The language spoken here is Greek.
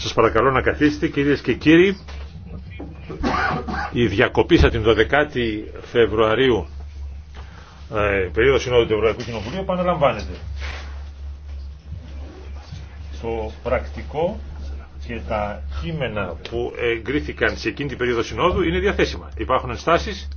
Σας παρακαλώ να καθίσετε κυρίες και κύριοι. Η διακοπή σαν την 12η Φεβρουαρίου ε, περίοδο συνόδου του Ευρωπαϊκού Κοινοβουλίου επαναλαμβάνεται. Στο πρακτικό και τα κείμενα που εγκρίθηκαν σε εκείνη την περίοδο συνόδου είναι διαθέσιμα. Υπάρχουν ενστάσεις.